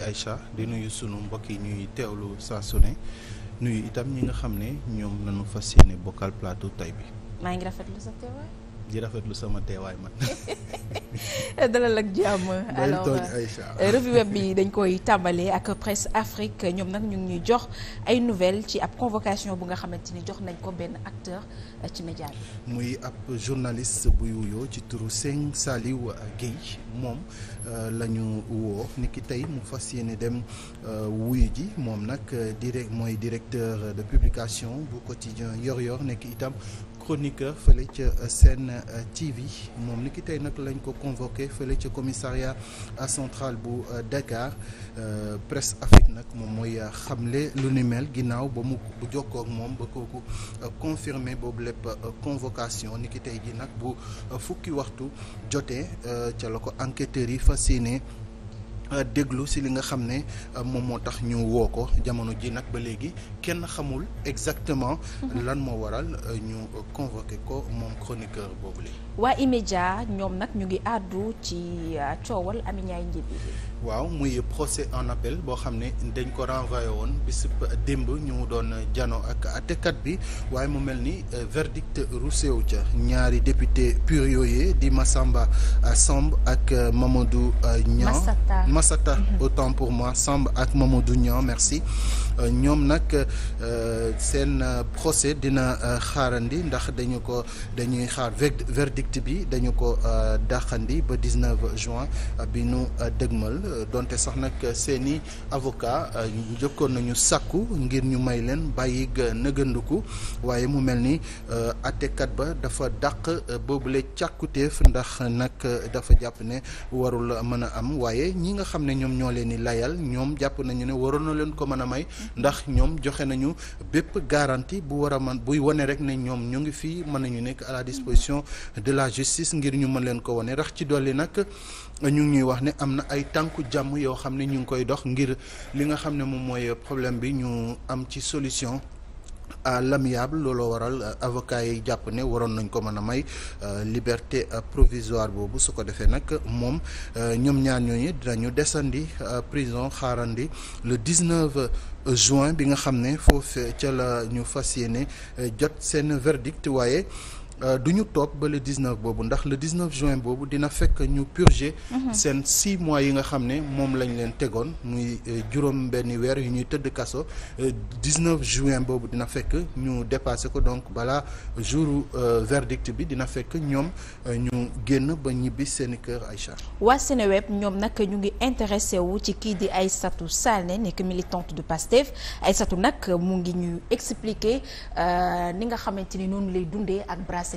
ay Aïcha di nuyu sunu mbokk yi ñuy teewlu saa su nuyu itam ñi nga xam ne ñoom lañu fa yéene bokkal plateau tey bi. ngi rafetlu di rafetlu sama teewaay man. dalal ak jàmm alors euh, revue bi dañ koy tàmbalee ak presse Afrique ñoom nag ñu ngi ñuy jox ay nouvelles ci ab convocation bu nga xamante ni jox nañ ko benn acteur euh, ci média bi. muy ab journaliste buy wuyoo ci turu Seng Saliou Guèye moom euh, la ñu woo niki tey mu fas yéene dem wuyu ji moom nag direk mooy directeur de publication bu quotidien yor Yoor nekk itam. chroniqueur fële ca euh, Sen euh, TV moom ni tey nag lañ ko convoqué fële ca commissariat euh, central bu Dakar presque Afrique nag moom mooy xamle lu ni mel ginnaaw ba mu bu jokkoo moom ba kooku confirmé boobu lépp convocation ni tey ji nag bu fukki waxtu jotee ca la ko enquêteurs yi fas yéene Euh, déglu si li nga xam ne euh, moom moo tax ñu woo ko jamono ji nag ba léegi kenn xamul exactement mhm. lan moo waral euh, ñu convoqué ko moom chroniqueur boobu li waa immédiat ñoom nag ñu ngi àddu ci euh, coowal Amy Ndiaye Gniby waaw muy procès en appel boo xam ne dañ ko renvoyé woon bis démb ñu doon jano ak àttekat bi waaye mu mel ni euh, verdict rousseau ca ñaari député pur yooyee di Massamba euh, Samb ak Mamadou Niang Massata Massata mhm. Samb ak Mamadou Niang merci ñoom nag seen procès dina xaarandi ndax dañu ko dañuy xaar verdict acte bi dañu ko euh, dàqandi ba 19 juin euh, bi nu euh, dëgmal donte sax nag seeni avocat jëkkoon nañu sàkku ngir ñu may leen bàyyi nëgënduku waaye mu mel ni àttekat ba dafa dàq boobule càkkutéef ndax nag dafa jàpp ne warul mën a am waaye ñi nga xam ne ñoom ñoo leen di layal ñoom jàpp nañu ne waroon na leen ko mën a may ndax ñoom joxe nañu bépp garantie bu war a man buy wane rek ne ñoom ñoo ngi fii mën nañu nekk à la disposition de la justice ngir ñu mën leen ko wane rax ci dolli nag ñu ngi ñuy wax ne am na ay tànku jàmm yoo xam ne ñu ngi koy dox ngir li nga xam ne moom mooy problème bi ñu am ci solution à l'amiable looloo waral avocat yi jàpp ne waroon nañ ko mën a may euh, liberté euh, provisoire boobu su ko defee nag moom euh, ñoom ñaar ñooñu dinañu desandi prison xaarandi le 19 juin bi nga xam ne foofu ca la ñu fas yéene jot seen verdict waaye Euh, du ñu toog ba le 19 boobu ndax le 19 juin boobu dina fekk ñu purger mhm. seen six mois yi nga xam ne moom lañ leen tegoon muy euh, juróom benn weer yu ñuy tëdd kaso 19 euh, juin boobu dina fekk ñu dépassé ko donc bala jour verdict bi dina fekk ñoom ñu génn ba ñibbi seeni kër Aïcha waa Seneweb ñoom nag ñu ngi intéressé wu ci kii di Aïssatou Sané nekk militante du ay Aïssatou nag mu ngi ñu expliquer ni nga xamante ni noonu lay dundee ak bras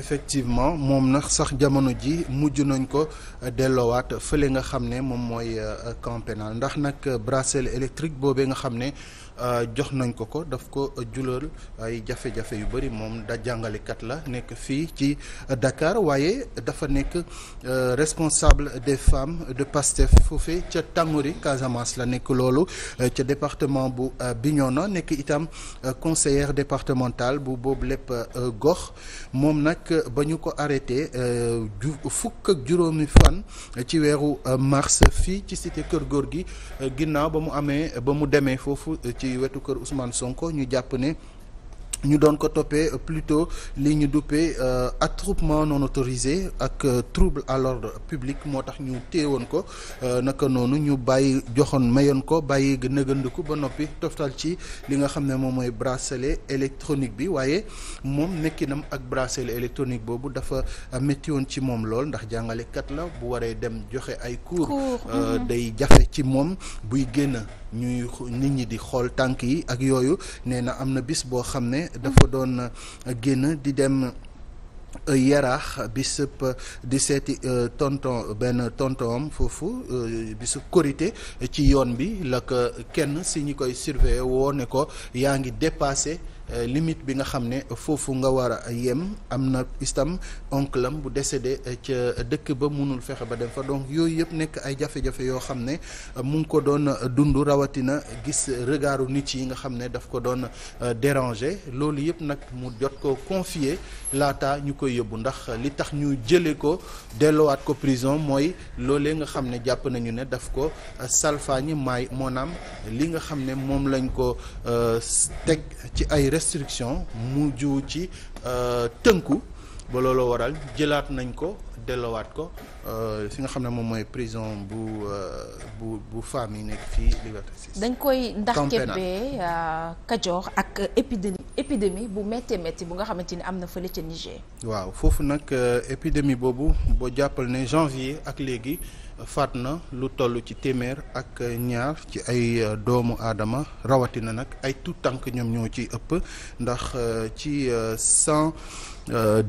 effectivement moom nag sax jamono ji mujj nañ ko euh, delloowaat fële nga xam ne moom mooy euh, euh, camp pénal ndax nag bracelet électrique boobee nga xam ne. Euh, jox nañ ko ko daf ko euh, julal ay jafe-jafe yu bëri moom da jàngalekat la nekk fii ci euh, Dakar waaye dafa nekk responsable des femmes de Pastef foofe ca Tangori Casamance la nekk loolu ca département bu Bignona nekk itam conseillère départementale bu boobu lépp gox moom nag ba ñu ko arrêté ju fukk ak juróomi fan ci weeru mars fii ci cité Kër Góor gi ginnaaw ba mu amee ba mu demee foofu ci wetu kër usmaan Sonko ñu jàpp ne ñu doon ko toppee euh, plutôt li ñu duppee euh, troupement noonu autorisé ak euh, trouble à l'ordre public moo tax ñu téewoon ko naka noonu ñu bàyyi joxoon mayoon ko bàyyi nëgëndiku ba noppi toftal ci li nga xam ne moom mooy bracelet électronique bi waaye moom nekkinam ak bracelet électronique boobu dafa métti woon ci moom lool ndax jàngalekat la bu waree dem joxe ay cours mhm. day jafe ci moom buy génn ñuy nit ñi di xool tànk yi ak yooyu nee na am na bis boo xam ne dafa doon euh, génn di dem euh, yaraax bisub euh, di seeti tonton benn tonton foofu bisub korité ci yoon bi la ko kenn si ñu koy surveiller woo ne ko yaa ngi dépassé Euh, limite bi nga xam ne foofu nga war a yem am na istam oncle am bu décédé euh, ca dëkk ba munul fexe ba dem fa donc yooyu yëpp nekk ay jafe-jafe yoo xam ne euh, mu ngi ko doon dund rawatina gis regardu nit yi nga xam ne daf ko doon déranger loolu yëpp nag mu jot ko confier laata ñu ko yóbbu ndax li tax ñu jëlee ko dellowaat ko prison mooy loolee nga xam ne jàpp nañu ne daf ko salfaañi maay moonaam li nga xam ne moom lañ ko teg ci ay restriction mu juw ci euh, tënku ba looloo waral jëlaat nañ ko dellowaat ko si euh, nga xam ne moom mooy prison bu euh, bu bu femme yi nekk fii Liberté 6 dañ koy ndax kebbee Kajoor ak épidémie épidémie bu méttee métti bu nga xamante ni am na fële ca Niger. waaw foofu nag euh, épidémie boobu boo jàppal ne janvier ak léegi euh, faat na lu toll ci téeméer ak euh, ñaar ci ay doomu aadama rawatina nag ay tout tànk ñoom ñoo ci ëpp ndax ci cent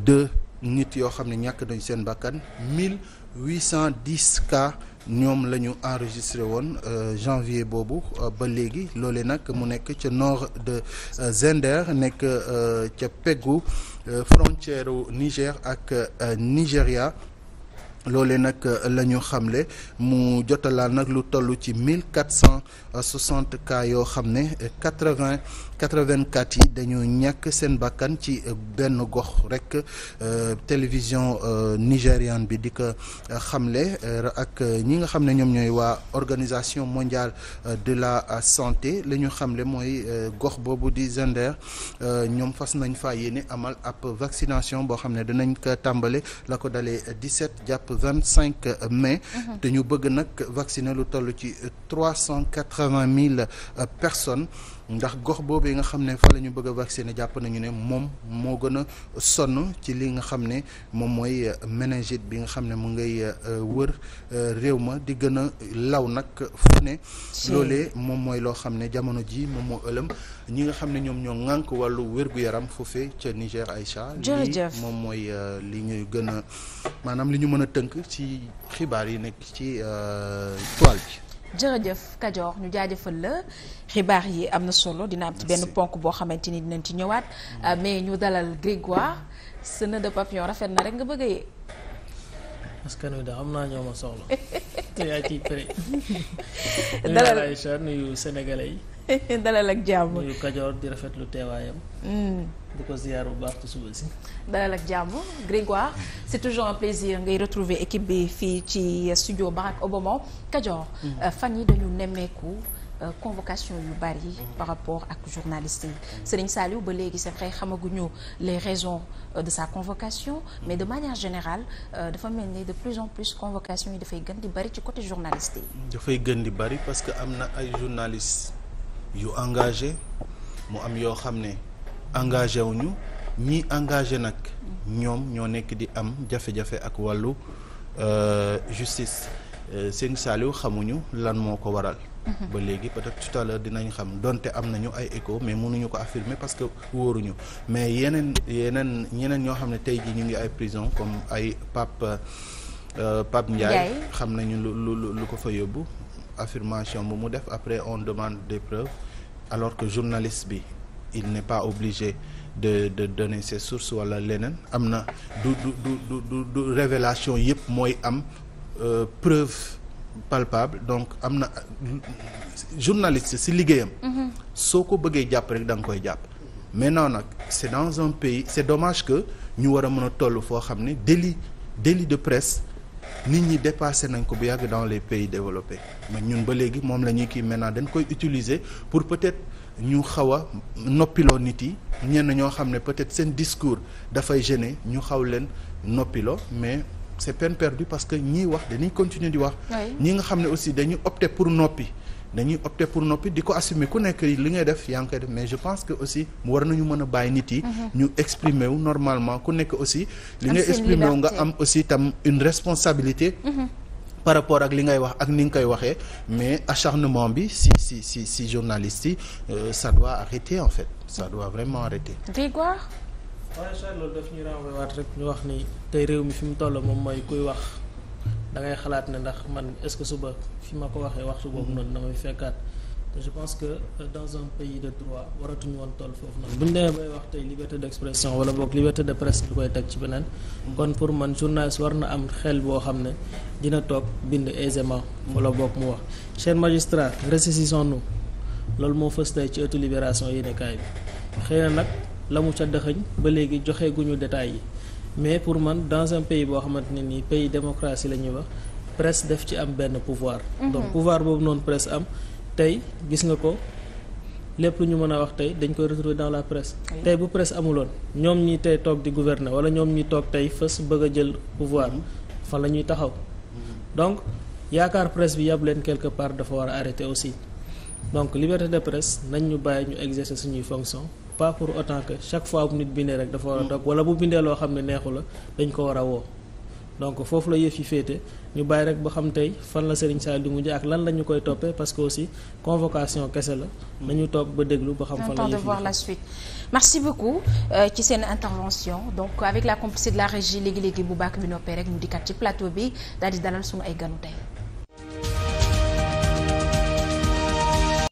deux nit yoo xam ne ñàkk nañ seen bakkan mille huit cent dix cas. ñoom la ñu enregistré woon euh, janvier boobu euh, ba léegi loole nag mu nekk ca nord de euh, Zender nekk ca peggu frontière Niger ak Nigeria loole nag la ñu xamle mu jotalaan nag lu toll ci mille quatre cent soixante cas yoo xam ne quatre-vingts 84 yi dañoo ñàkk seen bakkan ci euh, benn gox rek euh, télévision euh, nigériane bi di ko xamle ak ñi nga xam ne ñoom ñooy waa organisation mondiale de la santé lañu xamle mooy gox boobu di Zinder ñoom fas nañ fa yéene amal ab vaccination boo xam ne dinañ ko tàmbale la ko dalee 17 jàpp 25 mai. Mhm. te ñu bëgg nag vacciner lu toll ci 380 000 personnes. ndax gox boobu yi nga xam ne fa la ñu bëgg a vacciner jàpp nañu ne moom moo gën a sonn ci lii nga xam ne moom mooy euh, méningite bi nga xam ne mu ngay euh, wër euh, réew ma di gën a law nag fu ne loolee moom mooy loo xam ne jamono ji moom moo ëlëm ñi nga xam ne ñoom ñoo ŋànk wàllu wér-gu-yaram foofe ca Niger Aïcha lii moom mooy li ñuy gën a maanaam li ñu mën a tënk ci xibaar yi nekk ci toile bi jërëjëf Kajoor ñu jaajëfal la xibaar yi am na solo dina am ci benn ponk boo xamante ni dinañ ci ñëwaat euh, mais ñu dalal Grégoire sa nœud de papillon rafet na rek nga bëgg a yee askan wi daal am naa ñoo ma soxla te yaa ciy pré dalal Aïcha nuyu sénégalais yi dalal ak jàmm nuyu Kajoor di rafetlu teewaayam. Mm. di ko ziar baax ci suba si. dalal ak jàmm Grégoire c'est toujours un plaisir ngay retrouver équipe bi fii ci studio Barack Obama Kajoor. Mm-hmm. Euh, fan yi dañu nemmeeku euh, convocation yu bari. par rapport ak journaliste yi. Mm-hmm. Serigne Saliou ba léegi c'est vrai xamaguñu les raison euh, de sa convocation. Mm-hmm. mais de manière générale dafa mel ni de plus en plus convocation yi dafay gën di bari ci côté journaliste yi. dafay gën di bari parce que am na ay journalistes. yu engagé mu am yoo xam ne engagé wuñu ñi engagé nag ñoom ñoo nekk di am jafe-jafe ak wàllu euh, justice euh, sëñ Saliou xamuñu lan moo ko waral. Mhm. ba léegi peut-être dinañ xam donte am nañu ay écho mais munuñu ko affirmer parce que wóoruñu mais yeneen yeneen ñeneen ñoo xam ne tey jii ñu ngi ay prison comme ay Pape euh, Pape Ndiaye xam nañu lu lu lu ko fa yóbbu. affirmation bu mu def après on demande de preuves alors que journaliste bi il n'est pas obligé de de donner ses sources wala leneen am na du du du du révélation yëpp mooy am euh, preuve palpable donc am na journaliste si liggéeyam. Mhm. soo ko bëggee jàpp rek da nga koy jàpp. mais maintenant nag c'est dans un pays c'est dommage que ñu war a mën a toll foo xam ne délit délit de presse. nit ñi dépassé nañ ko bu yàgg dans les pays développés ma ñun ba léegi moom la ñuy kii maintenant dañ koy utiliser pour peut-être ñu xaw a noppiloo nit yi ñenn ñoo xam ne peut-être seen discours dafay gêner ñu xaw leen noppiloo mais c'est peine perdue parce que ñiy wax dañuy continuer di wax ñi nga xam ne aussi dañu opter pour noppi dañuy opter pour noppi di ko assumer ku nekk li ngay def yaa ngi koy def mais je pense que aussi war nañu mën a bàyyi nit yi. Mhm. ñu exprimer normalement ku nekk aussi. li ngay exprimer wu nga am aussi tam une responsabilité. Mhm. par rapport ak li ngay wax ak ni nga koy waxee mais acharnement bi si si si si journaliste yi euh, ça doit arrêter en fait ça doit vraiment arrêter. Grégoire. waaye Charles loolu daf ni tey réew mi fi mu toll moom mooy kuy wax. dangay xalaat ne ndax man est-ce que suba fi ma ko waxee waxtu boobu noonu damay fekkaat je pense que euh, dans un pays de droit waratuñu woon toll foofu noonu bu ñu demee bay wax tey liberté d'expression wala boog liberté de presse bi koy teg ci beneen kon pour man journaliste war na am xel boo xam ne dina toog bind aisément wala boog mu wax cher magistrat ressaisissons-nous loolu moo fës tey ci ëttu libération yéenekaay bi xëy na nag lamu mu ca dëxëñ ba léegi joxeeguñu détails yi mais pour man dans un pays boo xamante ne nii pays démocratie la ñuy wax presse def ci am benn pouvoir. Mhm. donc pouvoir boobu noonu presse am tey gis nga ko lépp lu ñu mën a wax tey dañ koy retrouver dans la presse. tey bu presse amuloon ñoom ñi tey toog di gouverner wala ñoom ñi toog tey fës bëgg a jël pouvoir mhm. fan la ñuy taxaw. Mhm. donc yaakaar presse bi yàb leen quelque part dafa war a arrêter aussi donc liberté de presse nañ ñu bàyyi ñu exercer suñuy fonction pas pour autant que chaque fois bu nit bindee rek dafa war a toog wala bu bindee xam ne neexu la dañ ko war a woo donc foofu la yëf yi féete ñu bàyyi rek ba xam tey fan la Serigne Sall di mujj ak lan la ñu koy toppee parce que aussi convocation kese la nañu toog ba déglu ba xam fan la yëf yi de la suite merci beaucoup euh, ci seen intervention donc avec la complicité de la régie léegi-léegi bu baax bi noppee rek ñu dikkat ci plateau bi daal di dalal suñu ay ganu